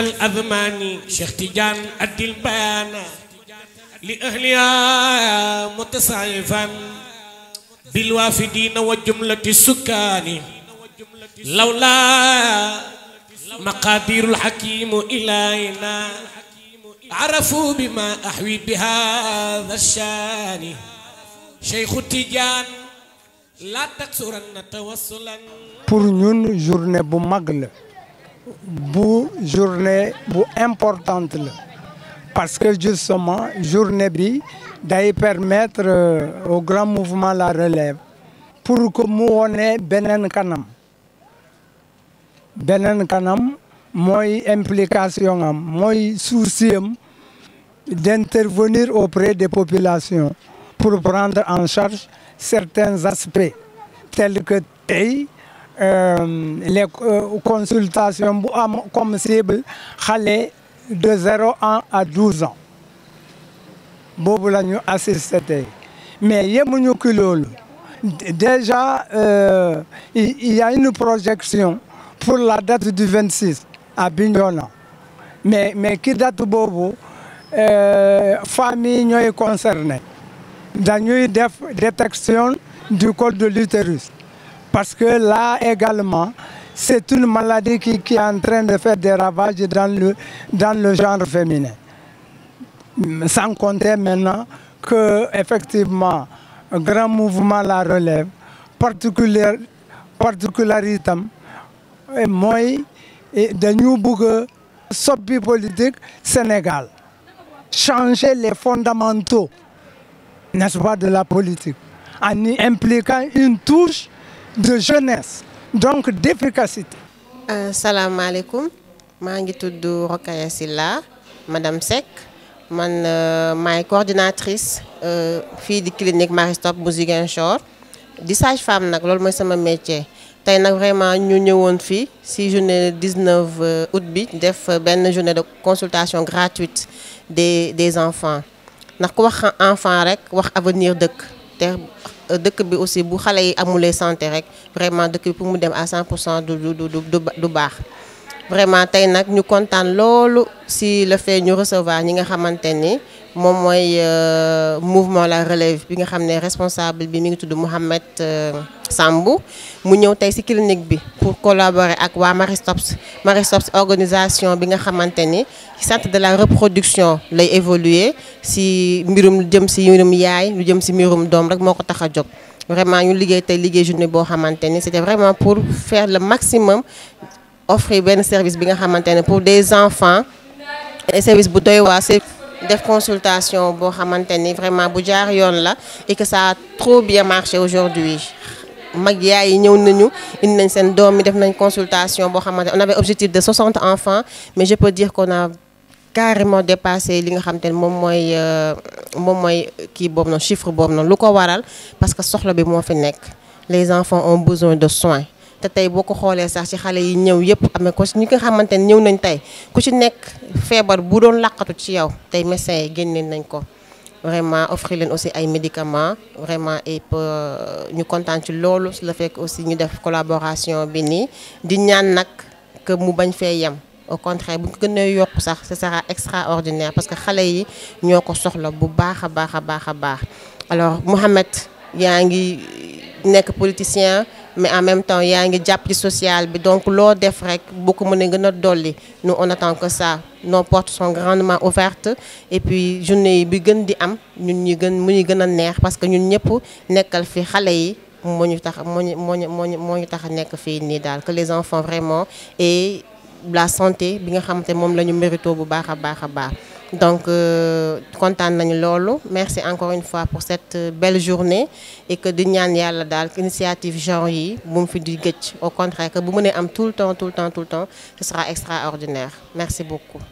الأذماني شيخ تيجان أدي البيان لأهلها متصايفا بالوافدين وجملة السكان لولا مقادير الحكيم إلينا عرفوا بما أحوي بهذا الشان شيخ تيجان لا تكسرن توصلا pour ñun journée bu mag la une journée importante parce que justement journée bi day permettre euh, au grand mouvement la relève pour que nous soyons kanam Benen kanam moi implication mon souci d'intervenir auprès des populations pour prendre en charge certains aspects tels que euh, les euh, consultations comme cible allaient de 0 à 12 ans boobu la mais déjà euh, il y a une projection pour la date du 26 à Bignona mais mais qui date Bobo? famille est concerné avons une détection du col de l'utérus parce que là également, c'est une maladie qui, est en train de faire des ravages dans le, dans le genre féminin. Sans compter maintenant que effectivement, un grand mouvement la relève, particulier, particularité, et moi, et de nous bouger, politique Sénégal. Changer les fondamentaux, n'est-ce pas, de la politique, en impliquant une touche de jeunesse, donc d'efficacité. Euh, Salam alaikum, je suis Rokaya Silla, Madame Sek, je suis coordinatrice euh, de la clinique Maristop Bouziganchor. di sage-femme nag loolu mooy sama métier tey nag vraiment ñu ñëwoon fii ci journée 19 euh, août bi def une journée de consultation gratuite des des enfants Je suis un enfant avec un avenir te euh, dëkk bi aussi bu xale yi amulee santé rek vraiment dëkk bi pour mu dem à 100 pour cent du du du du baax vraiment tey nag ñu kontaan loolu si le fait ñu recevoir ñi nga xamante ni. mon mooy euh, mouvement la relève bi nga xamné responsable bi mi ngi tudd Mouhamed euh, Sambou mu ñëw tay ci clinique bi pour collaborer ak waa Maristops Maristops organisation bi nga xamante ni centre de la reproduction lay évoluer si mbirum jëm ci mbirum yaay lu jëm ci mbirum dom rek moko taxa tax vraiment ñu liggéey tay liggéey journée bo xamante ni c'était vraiment pour faire le maximum offrir ben service bi nga xamante ne pour des enfants service bu doy waa des consultation bo xamante vraiment bu jaar yoon la et que ça a trop bien marché aujourd'hui mag yaay ñew nañu indi nañ sen doom mi def nañ consultation bo xamante on avait objectif de 60 enfants mais je peux dire qu'on a carrément dépassé li nga xam mom moy euh, mom moy ki bob kii chiffre bob noonu lu ko waral parce que soxla bi mo fi nek les enfants ont besoin de soins tay boko xolé sax ci xalé yi ñew yépp amé ko ñi nga xamante ne ñëw nañ tay ku ci nekk fièvre bu doon laqatu ci yow tay médecins yi nañ ko vraiment offrir leen aussi ay médicaments vraiment et euh, ñu kontaan ci lolu le la fekk aussi ñu def collaboration bi ni di ñaan nak que mu bañ fee yam au contraire bu ñu ko a sax ce sera extraordinaire parce que xalé yi ñoko soxla bu baaxa baaxa baaxa baax alors mohammed yaangi ngi nekk politicien mais en même temps y a un ci social bi donc lors def rek beaucoup de gens gën a nous on attend que ça nos portes sont grandement ouvertes et puis je ne bi gën di am ñun ñu gën mu parce que nous ñëpp nekkal fi xale yi moo ñu tax moo ñu moo ñu moo que les enfants vraiment et la santé bi nga xamante moom la ñu mérito bu donc, content euh, nañu Lolo, merci encore une fois pour cette euh, belle journée et que di ñaan Dal, l'initiative initiative genre yi au contraire que vous mënee am tout le temps tout le temps tout le temps ce sera extraordinaire merci beaucoup.